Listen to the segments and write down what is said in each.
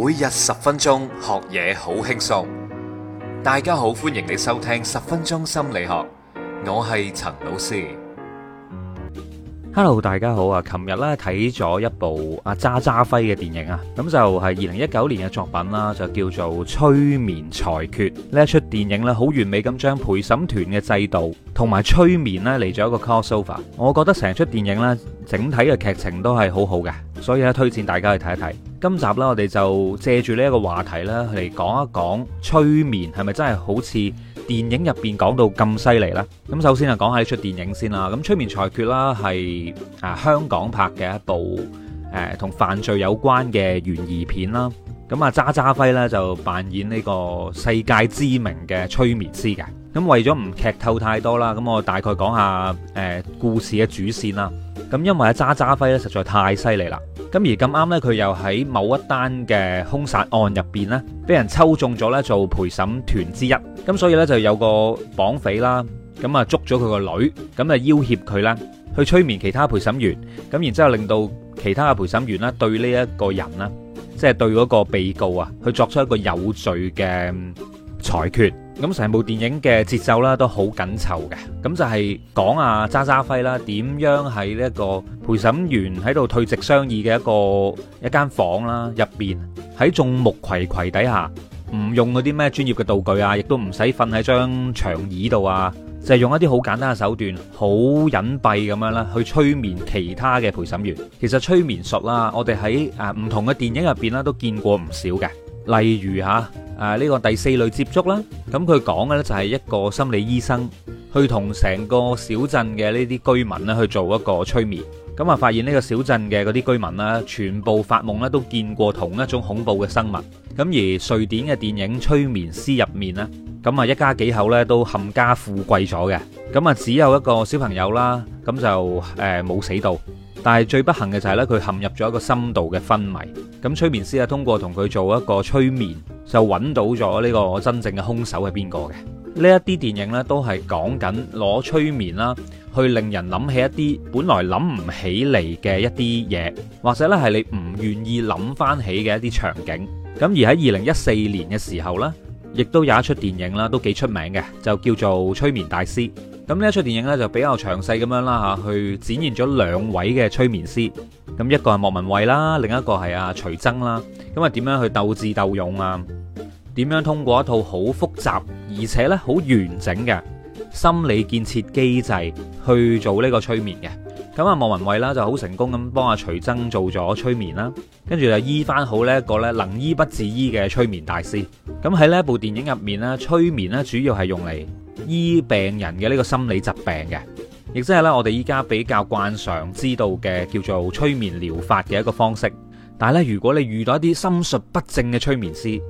每日十分鐘學嘢，好輕鬆，大家好，歡迎你收聽十分鐘心理學，我係陳老師。Hello，大家好啊！琴日咧睇咗一部阿渣渣輝嘅電影啊，咁就係二零一九年嘅作品啦，就叫做《催眠裁決》。呢一出電影呢，好完美咁將陪審團嘅制度同埋催眠呢嚟咗一個 crossover。我覺得成出電影呢，整體嘅劇情都係好好嘅，所以咧推薦大家去睇一睇。今集啦，我哋就借住呢一個話題啦，嚟講一講催眠係咪真係好似電影入邊講到咁犀利呢？咁首先就講下呢齣電影先啦。咁《催眠裁決》啦，係啊香港拍嘅一部誒同、呃、犯罪有關嘅懸疑片啦。咁啊渣渣輝呢，就扮演呢個世界知名嘅催眠師嘅。咁為咗唔劇透太多啦，咁我大概講下誒故事嘅主綫啦。咁因為阿渣渣輝咧實在太犀利啦，咁而咁啱呢，佢又喺某一單嘅凶殺案入邊呢，俾人抽中咗呢做陪審團之一。咁所以呢，就有個綁匪啦，咁啊捉咗佢個女，咁啊要挾佢啦，去催眠其他陪審員，咁然之後令到其他嘅陪審員呢，對呢一個人呢，即係對嗰個被告啊，去作出一個有罪嘅裁決。咁成部電影嘅節奏啦，都好緊湊嘅，咁就係講啊，渣渣輝啦，點樣喺呢一個陪審員喺度退席商議嘅一個一間房啦，入邊喺眾目睽睽底下，唔用嗰啲咩專業嘅道具啊，亦都唔使瞓喺張長椅度啊，就係、是、用一啲好簡單嘅手段，好隱蔽咁樣啦，去催眠其他嘅陪審員。其實催眠術啦，我哋喺誒唔同嘅電影入邊啦都見過唔少嘅，例如吓、啊。誒呢個第四類接觸啦，咁佢講嘅咧就係一個心理醫生去同成個小鎮嘅呢啲居民咧去做一個催眠，咁啊發現呢個小鎮嘅嗰啲居民啦，全部發夢咧都見過同一種恐怖嘅生物。咁而瑞典嘅電影《催眠師》入面咧，咁啊一家幾口咧都冚家富貴咗嘅，咁啊只有一個小朋友啦，咁就誒冇死到，但係最不幸嘅就係咧佢陷入咗一個深度嘅昏迷。咁催眠師啊，通過同佢做一個催眠。就揾到咗呢個真正嘅兇手係邊個嘅？呢一啲電影呢都係講緊攞催眠啦，去令人諗起一啲本來諗唔起嚟嘅一啲嘢，或者呢係你唔願意諗翻起嘅一啲場景。咁而喺二零一四年嘅時候呢，亦都有一出電影啦，都幾出名嘅，就叫做《催眠大師》。咁呢一出電影咧就比較詳細咁樣啦吓，去展現咗兩位嘅催眠師，咁一個係莫文蔚啦，另一個係阿徐崢啦，咁啊點樣去鬥智鬥勇啊？點樣通過一套好複雜而且呢好完整嘅心理建設機制去做呢個催眠嘅？咁啊莫文蔚啦就好成功咁幫阿徐崢做咗催眠啦，跟住就醫翻好呢一個呢能醫不治醫嘅催眠大師。咁喺呢一部電影入面呢，催眠呢主要係用嚟。醫病人嘅呢個心理疾病嘅，亦即係呢，我哋依家比較慣常知道嘅叫做催眠療法嘅一個方式。但係咧，如果你遇到一啲心術不正嘅催眠師，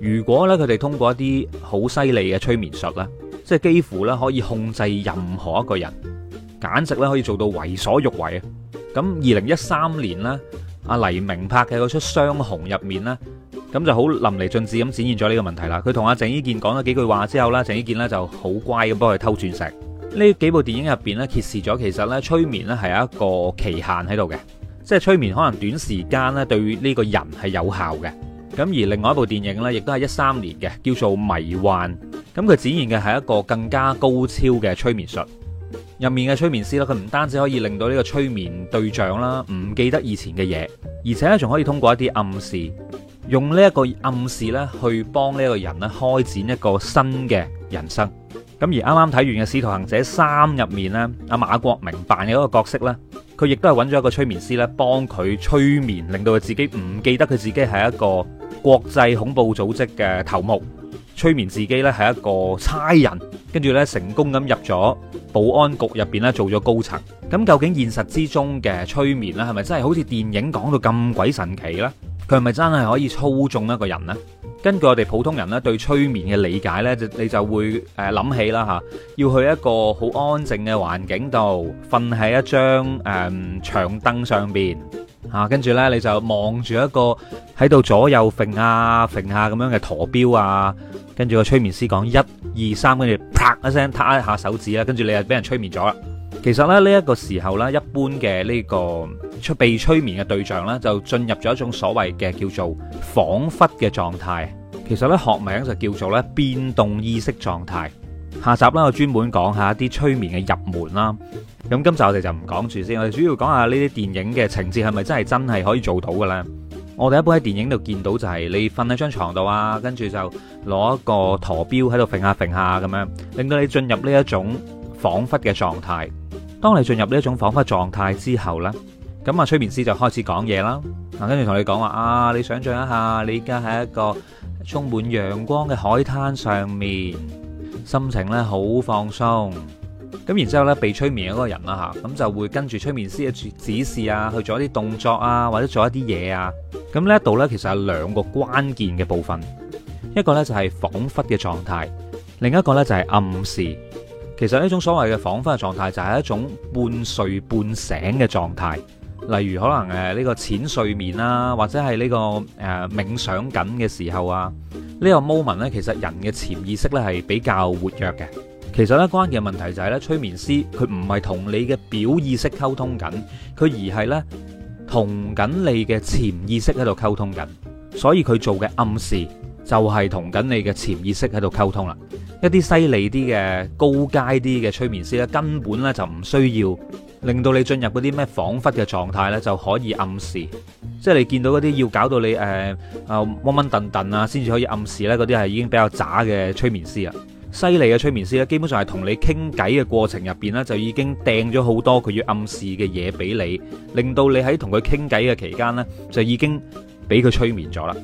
如果呢，佢哋通過一啲好犀利嘅催眠術呢，即係幾乎呢可以控制任何一個人，簡直呢可以做到為所欲為啊！咁二零一三年呢，阿黎明拍嘅嗰出《雙雄》入面呢。咁就好淋漓盡致咁展現咗呢個問題啦。佢同阿鄭伊健講咗幾句話之後呢，鄭伊健呢就好乖咁幫佢偷鑽石。呢幾部電影入邊呢，揭示咗其實呢催眠呢係一個期限喺度嘅，即係催眠可能短時間呢對呢個人係有效嘅。咁而另外一部電影呢，亦都係一三年嘅，叫做《迷幻》。咁佢展現嘅係一個更加高超嘅催眠術，入面嘅催眠師咧，佢唔單止可以令到呢個催眠對象啦唔記得以前嘅嘢，而且呢仲可以通過一啲暗示。用呢一個暗示咧，去幫呢一個人咧開展一個新嘅人生。咁而啱啱睇完嘅《使徒行者三》入面咧，阿馬國明扮嘅一個角色咧，佢亦都係揾咗一個催眠師咧，幫佢催眠，令到佢自己唔記得佢自己係一個國際恐怖組織嘅頭目，催眠自己咧係一個差人，跟住咧成功咁入咗保安局入邊咧做咗高層。咁究竟現實之中嘅催眠咧，係咪真係好似電影講到咁鬼神奇呢？佢係咪真係可以操縱一個人咧？根據我哋普通人咧對催眠嘅理解咧，你你就會誒諗起啦嚇，要去一個好安靜嘅環境度，瞓喺一張誒、嗯、長凳上邊嚇，跟、啊、住呢，你就望住一個喺度左右揈下揈下咁樣嘅陀錶啊，跟住、啊啊、個催眠師講一二三，跟住啪一聲彈一下手指啦，跟住你就俾人催眠咗啦。其實咧呢一個時候呢，一般嘅呢個出被催眠嘅對象呢，就進入咗一種所謂嘅叫做恍惚嘅狀態。其實呢，學名就叫做咧變動意識狀態。下集啦，我專門講下一啲催眠嘅入門啦。咁今集我哋就唔講住先，我哋主要講下呢啲電影嘅情節係咪真係真係可以做到嘅咧？我哋一般喺電影度見到就係你瞓喺張床度啊，跟住就攞一個陀錶喺度揈下揈下咁樣，令到你進入呢一種恍惚嘅狀態。當你進入呢一種恍惚狀態之後呢，咁啊催眠師就開始講嘢啦，啊跟住同你講話啊，你想象一下，你而家喺一個充滿陽光嘅海灘上面，心情呢好放鬆，咁然之後呢被催眠嘅嗰個人啦吓，咁就會跟住催眠師嘅指示啊去做一啲動作啊，或者做一啲嘢啊，咁呢度呢，其實有兩個關鍵嘅部分，一個呢就係恍惚嘅狀態，另一個呢就係暗示。其實呢種所謂嘅恍惚嘅狀態，就係一種半睡半醒嘅狀態。例如可能誒呢個淺睡眠啦、啊，或者係呢、呢個誒、呃、冥想緊嘅時候啊，呢、呢個 moment 呢，其實人嘅潛意識呢係比較活躍嘅。其實呢，關鍵嘅問題就係呢：催眠師佢唔係同你嘅表意識溝通緊，佢而係呢同緊你嘅潛意識喺度溝通緊。所以佢做嘅暗示就係同緊你嘅潛意識喺度溝通啦。一啲犀利啲嘅高階啲嘅催眠師咧，根本咧就唔需要令到你進入嗰啲咩恍惚嘅狀態咧，就可以暗示。即係你見到嗰啲要搞到你誒啊掹掹掟掟啊，先至可以暗示咧，嗰啲係已經比較渣嘅催眠師啊。犀利嘅催眠師咧，基本上係同你傾偈嘅過程入邊咧，就已經掟咗好多佢要暗示嘅嘢俾你，令到你喺同佢傾偈嘅期間咧，就已經俾佢催眠咗啦。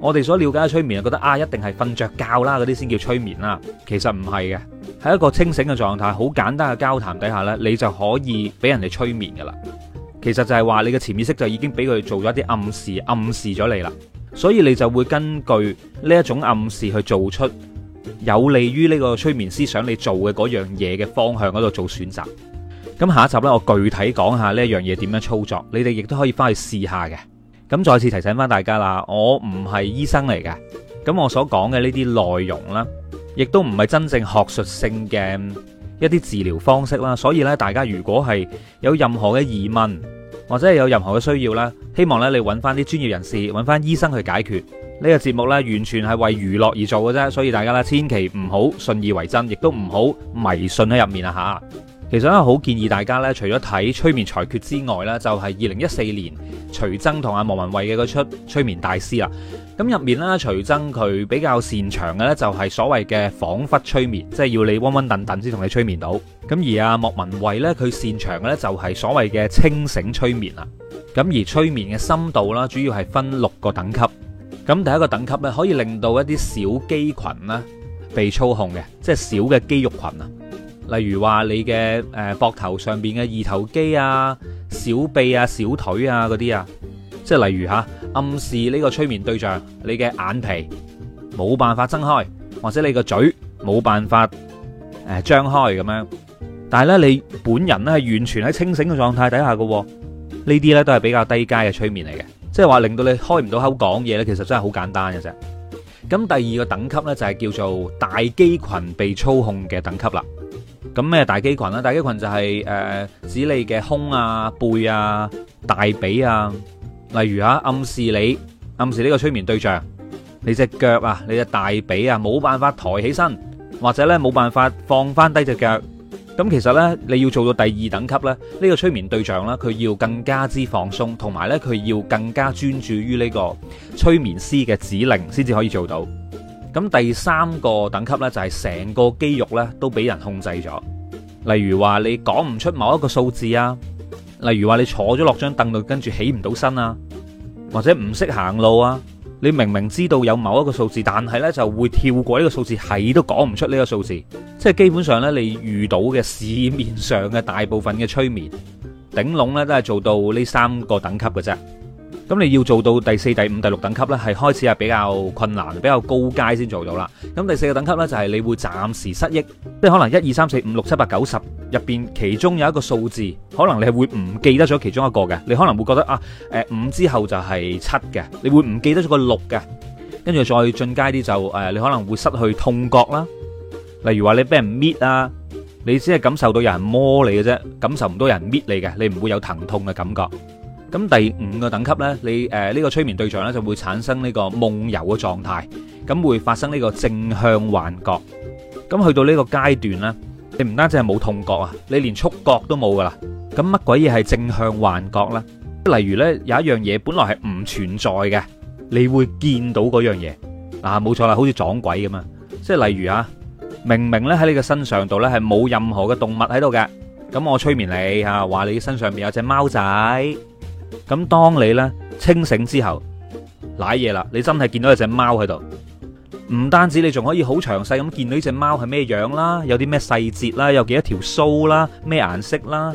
我哋所了解嘅催眠，覺得啊一定係瞓着覺啦，嗰啲先叫催眠啦。其實唔係嘅，喺一個清醒嘅狀態，好簡單嘅交談底下呢，你就可以俾人哋催眠㗎啦。其實就係話你嘅潛意識就已經俾佢做咗一啲暗示，暗示咗你啦。所以你就會根據呢一種暗示去做出有利於呢個催眠思想你做嘅嗰樣嘢嘅方向嗰度做選擇。咁下一集呢，我具體講下呢一樣嘢點樣操作，你哋亦都可以翻去試下嘅。咁再次提醒翻大家啦，我唔係醫生嚟嘅，咁我所講嘅呢啲內容啦，亦都唔係真正學術性嘅一啲治療方式啦，所以呢，大家如果係有任何嘅疑問或者係有任何嘅需要咧，希望呢你揾翻啲專業人士揾翻醫生去解決。呢個節目呢，完全係為娛樂而做嘅啫，所以大家呢，千祈唔好信以為真，亦都唔好迷信喺入面啊嚇！其實咧，好建議大家咧，除咗睇催眠裁決之外咧，就係二零一四年徐崢同阿莫文蔚嘅嗰齣催眠大師啦。咁入面咧，徐崢佢比較擅長嘅咧，就係所謂嘅恍惚催眠，即係要你暈暈沌沌先同你催眠到。咁而阿莫文蔚咧，佢擅長嘅咧就係所謂嘅清醒催眠啦。咁而催眠嘅深度啦，主要係分六個等級。咁第一個等級咧，可以令到一啲小肌群咧被操控嘅，即係小嘅肌肉群啊。例如話你嘅、誒，膊頭上邊嘅二頭肌啊、小臂啊、小腿啊嗰啲啊，即係例如吓暗示呢個催眠對象，你嘅眼皮冇辦法睜開，或者你個嘴冇辦法誒張開咁樣。但係咧，你本人咧係完全喺清醒嘅狀態底下嘅。呢啲咧都係比較低階嘅催眠嚟嘅，即係話令到你開唔到口講嘢咧，其實真係好簡單嘅啫。咁第二個等級咧就係叫做大肌群被操控嘅等級啦。咁咩大肌群啦？大肌群就係誒指你嘅胸啊、背啊、大髀啊，例如啊暗示你暗示呢個催眠對象，你隻腳啊、你隻大髀啊冇辦法抬起身，或者呢冇辦法放翻低隻腳。咁其實呢，你要做到第二等級呢，呢、這個催眠對象呢，佢要更加之放鬆，同埋呢，佢要更加專注於呢個催眠師嘅指令，先至可以做到。咁第三個等級呢，就係成個肌肉呢都俾人控制咗。例如話你講唔出某一個數字啊，例如話你坐咗落張凳度，跟住起唔到身啊，或者唔識行路啊。你明明知道有某一個數字，但係呢就會跳過呢個數字，係都講唔出呢個數字。即係基本上呢，你遇到嘅市面上嘅大部分嘅催眠，頂籠呢都係做到呢三個等級嘅啫。咁你要做到第四、第五、第六等級呢，係開始係比較困難、比較高階先做到啦。咁第四個等級呢，就係你會暫時失憶，即係可能一二三四五六七八九十入邊，其中有一個數字，可能你係會唔記得咗其中一個嘅。你可能會覺得啊，誒、呃、五之後就係七嘅，你會唔記得咗個六嘅。跟住再進階啲就誒、呃，你可能會失去痛覺啦。例如話你俾人搣啊，你只係感受到有人摸你嘅啫，感受唔到有人搣你嘅，你唔會有疼痛嘅感覺。咁第五個等級呢，你誒呢個催眠對象呢就會產生呢個夢遊嘅狀態，咁會發生呢個正向幻覺。咁去到呢個階段呢，你唔單止係冇痛覺啊，你連觸覺都冇㗎喇。咁乜鬼嘢係正向幻覺呢？例如呢有一樣嘢本來係唔存在嘅，你會見到嗰樣嘢嗱，冇錯啦，好似撞鬼咁啊。即係例如啊，明明呢喺你嘅身上度呢係冇任何嘅動物喺度嘅，咁我催眠你嚇話你身上面有隻貓仔。咁當你咧清醒之後，瀨嘢啦，你真係見到有隻貓喺度，唔單止你仲可以好詳細咁見到呢隻貓係咩樣啦，有啲咩細節啦，有幾多條鬚啦，咩顏色啦，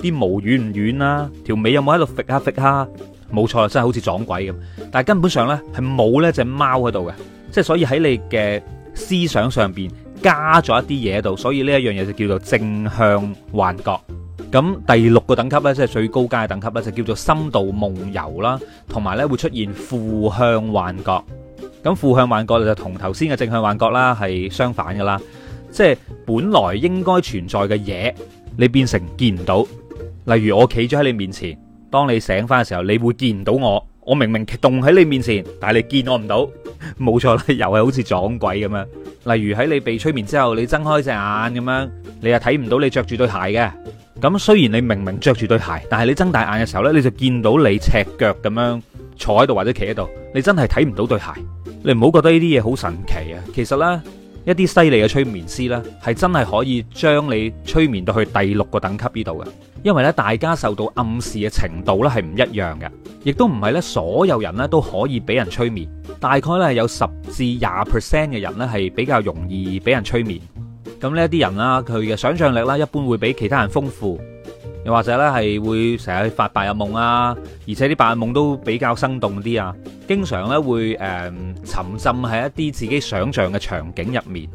啲毛軟唔軟啊，條尾有冇喺度揈下揈下，冇錯啦，真係好似撞鬼咁，但係根本上呢，係冇呢隻貓喺度嘅，即係所以喺你嘅思想上邊加咗一啲嘢喺度，所以呢一樣嘢就叫做正向幻覺。咁第六個等級咧，即係最高階等級咧，就叫做深度夢遊啦，同埋咧會出現負向幻覺。咁負向幻覺就同頭先嘅正向幻覺啦係相反噶啦，即係本來應該存在嘅嘢，你變成見唔到。例如我企咗喺你面前，當你醒翻嘅時候，你會見唔到我。我明明動喺你面前，但係你見我唔到，冇錯啦，又係好似撞鬼咁樣。例如喺你被催眠之後，你睜開隻眼咁樣，你又睇唔到你着住對鞋嘅。咁雖然你明明着住對鞋，但係你睜大眼嘅時候呢，你就見到你赤腳咁樣坐喺度或者企喺度，你真係睇唔到對鞋。你唔好覺得呢啲嘢好神奇啊！其實呢，一啲犀利嘅催眠師呢，係真係可以將你催眠到去第六個等級呢度嘅。因為呢，大家受到暗示嘅程度呢係唔一樣嘅，亦都唔係呢所有人呢都可以俾人催眠。大概呢，有十至廿 percent 嘅人呢，係比較容易俾人催眠。咁呢啲人啦，佢嘅想象力啦，一般會比其他人豐富，又或者呢係會成日發白日夢啊，而且啲白日夢都比較生動啲啊，經常呢會誒、嗯、沉浸喺一啲自己想象嘅場景入面，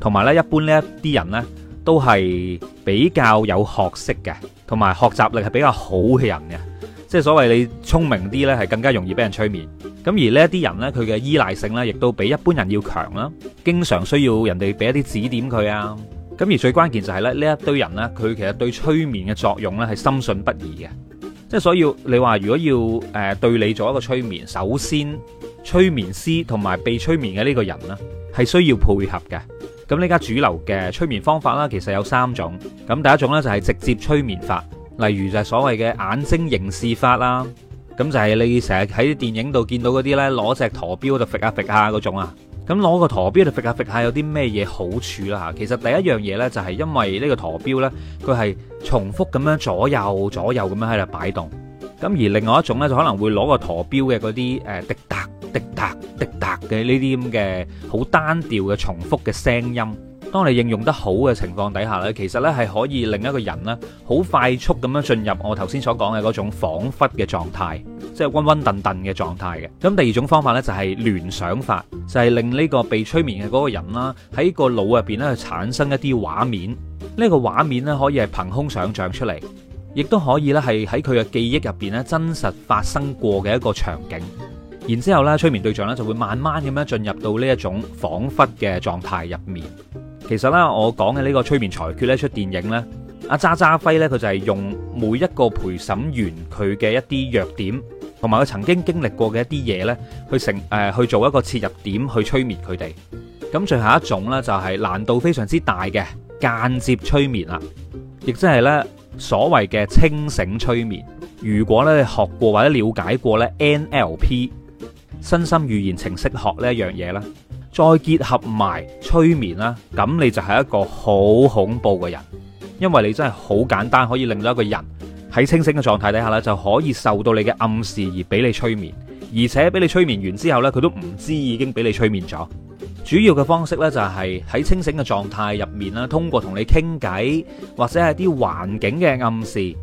同埋呢，一般呢一啲人呢都係比較有學識嘅，同埋學習力係比較好嘅人嘅，即係所謂你聰明啲呢係更加容易俾人催眠。咁而呢一啲人呢，佢嘅依賴性呢，亦都比一般人要強啦。經常需要人哋俾一啲指點佢啊。咁而最關鍵就係咧，呢一堆人呢，佢其實對催眠嘅作用呢，係深信不疑嘅。即係所以，你話如果要誒對你做一個催眠，首先，催眠師同埋被催眠嘅呢個人呢，係需要配合嘅。咁呢家主流嘅催眠方法啦，其實有三種。咁第一種呢，就係直接催眠法，例如就係所謂嘅眼睛凝視法啦。咁就係你成日喺電影度見到嗰啲呢，攞隻陀錶喺度揈下揈下嗰種啊！咁攞個陀錶喺度揈下揈下有啲咩嘢好處啦，啊、嚇？其實第一樣嘢呢，就係因為呢個陀錶呢，佢係重複咁樣左右左右咁樣喺度擺動。咁而另外一種呢，就可能會攞個陀錶嘅嗰啲誒滴答滴答滴答嘅呢啲咁嘅好單調嘅重複嘅聲音。當你應用得好嘅情況底下咧，其實咧係可以令一個人咧好快速咁樣進入我頭先所講嘅嗰種恍惚嘅狀態，即係昏昏沌沌嘅狀態嘅。咁第二種方法呢，就係聯想法，就係令呢個被催眠嘅嗰個人啦，喺個腦入邊咧產生一啲畫面。呢個畫面呢，可以係憑空想像出嚟，亦都可以咧係喺佢嘅記憶入邊咧真實發生過嘅一個場景。然之後呢，催眠對象呢，就會慢慢咁樣進入到呢一種恍惚嘅狀態入面。其實咧、這個，我講嘅呢個催眠裁決呢出電影呢，阿渣渣輝呢，佢就係用每一個陪審員佢嘅一啲弱點，同埋佢曾經經歷過嘅一啲嘢呢，去成誒、呃、去做一個切入點去催眠佢哋。咁最後一種呢，就係難度非常之大嘅間接催眠啦，亦即係呢所謂嘅清醒催眠。如果咧你學過或者了解過呢 NLP 身心語言程式學呢一樣嘢咧。再結合埋催眠啦，咁你就係一個好恐怖嘅人，因為你真係好簡單可以令到一個人喺清醒嘅狀態底下咧，就可以受到你嘅暗示而俾你催眠，而且俾你催眠完之後呢，佢都唔知已經俾你催眠咗。主要嘅方式呢，就係喺清醒嘅狀態入面啦，通過同你傾偈或者係啲環境嘅暗示，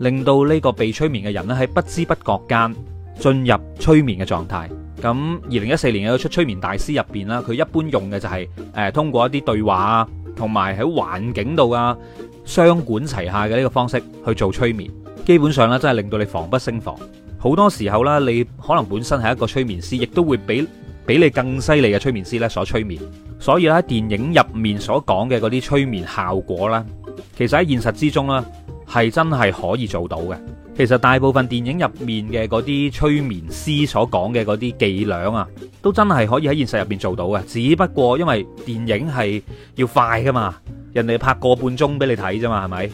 令到呢個被催眠嘅人咧，喺不知不覺間進入催眠嘅狀態。咁二零一四年嘅出催眠大師入邊啦，佢一般用嘅就係、是、誒、呃、通過一啲對話啊，同埋喺環境度啊，雙管齊下嘅呢個方式去做催眠，基本上咧真係令到你防不勝防。好多時候咧，你可能本身係一個催眠師，亦都會俾比你更犀利嘅催眠師咧，所催眠。所以咧，電影入面所講嘅嗰啲催眠效果啦，其實喺現實之中啦。係真係可以做到嘅。其實大部分電影入面嘅嗰啲催眠師所講嘅嗰啲伎倆啊，都真係可以喺現實入面做到嘅。只不過因為電影係要快㗎嘛，人哋拍個半鐘俾你睇啫嘛，係咪？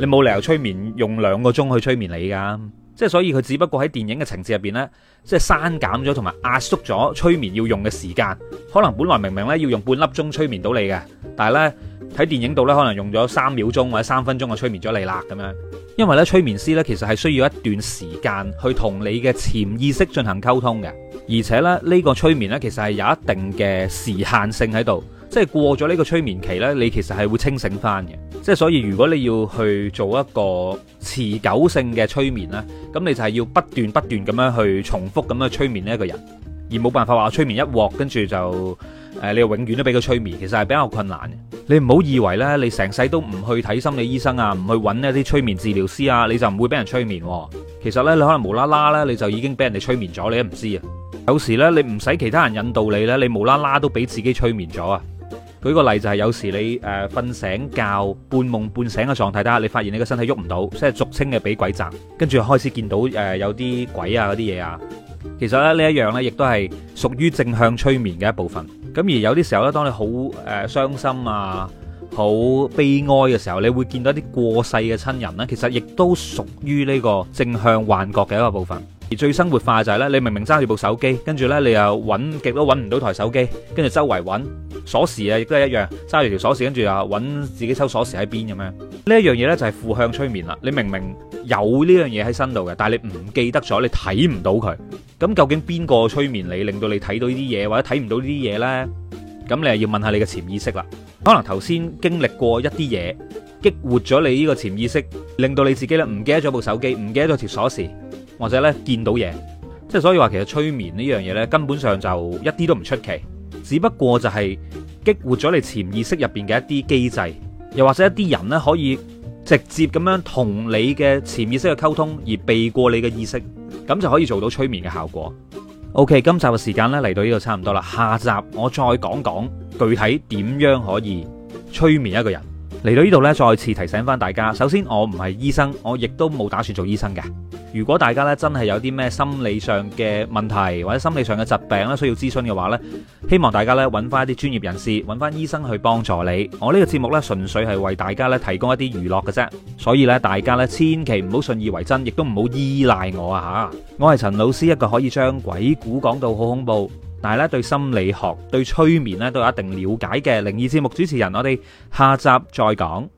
你冇理由催眠，用兩個鐘去催眠你㗎。即係所以佢只不過喺電影嘅情節入邊呢，即係、就是、刪減咗同埋壓縮咗催眠要用嘅時間。可能本來明明呢要用半粒鐘催眠到你嘅，但係呢喺電影度呢，可能用咗三秒鐘或者三分鐘就催眠咗你啦咁樣。因為呢催眠師呢，其實係需要一段時間去同你嘅潛意識進行溝通嘅，而且咧呢、呢個催眠呢，其實係有一定嘅時限性喺度。即係過咗呢個催眠期呢，你其實係會清醒翻嘅。即係所以，如果你要去做一個持久性嘅催眠呢，咁你就係要不斷不斷咁樣去重複咁樣催眠呢一個人，而冇辦法話催眠一鑊跟住就誒，你永遠都俾佢催眠。其實係比較困難嘅。你唔好以為呢，你成世都唔去睇心理醫生啊，唔去揾一啲催眠治療師啊，你就唔會俾人催眠。其實呢，你可能無啦啦呢，你就已經俾人哋催眠咗，你都唔知啊。有時呢，你唔使其他人引導你呢，你無啦啦都俾自己催眠咗啊。舉個例就係有時你誒瞓醒覺半夢半醒嘅狀態底下，你發現你個身體喐唔到，即係俗稱嘅俾鬼擲，跟住開始見到誒、呃、有啲鬼啊嗰啲嘢啊。其實咧呢一樣呢，亦都係屬於正向催眠嘅一部分。咁而有啲時候咧，當你好誒、呃、傷心啊、好悲哀嘅時候，你會見到啲過世嘅親人呢，其實亦都屬於呢個正向幻覺嘅一個部分。而最生活化就係咧，你明明揸住部手機，跟住咧你又揾極都揾唔到台手機，跟住周圍揾鎖匙啊，亦都係一樣揸住條鎖匙，跟住又揾自己收鎖匙喺邊咁樣。呢一樣嘢咧就係負向催眠啦。你明明有呢樣嘢喺身度嘅，但係你唔記得咗，你睇唔到佢。咁究竟邊個催眠你，令到你睇到呢啲嘢，或者睇唔到呢啲嘢咧？咁你就要問下你嘅潛意識啦。可能頭先經歷過一啲嘢，激活咗你呢個潛意識，令到你自己咧唔記得咗部手機，唔記得咗條鎖匙。或者咧見到嘢，即係所以話其實催眠呢樣嘢呢，根本上就一啲都唔出奇，只不過就係激活咗你潛意識入邊嘅一啲機制，又或者一啲人呢，可以直接咁樣同你嘅潛意識嘅溝通，而避過你嘅意識，咁就可以做到催眠嘅效果。OK，今集嘅時間呢，嚟到呢度差唔多啦，下集我再講講具體點樣可以催眠一個人。嚟到呢度咧，再次提醒翻大家，首先我唔係醫生，我亦都冇打算做醫生嘅。如果大家咧真係有啲咩心理上嘅問題或者心理上嘅疾病咧，需要諮詢嘅話咧，希望大家咧揾翻一啲專業人士，揾翻醫生去幫助你。我呢個節目咧，純粹係為大家咧提供一啲娛樂嘅啫。所以咧，大家咧千祈唔好信以為真，亦都唔好依賴我啊！吓，我係陳老師，一個可以將鬼故講到好恐怖但係咧，對心理學、對催眠咧都有一定了解嘅靈異節目主持人，我哋下集再講。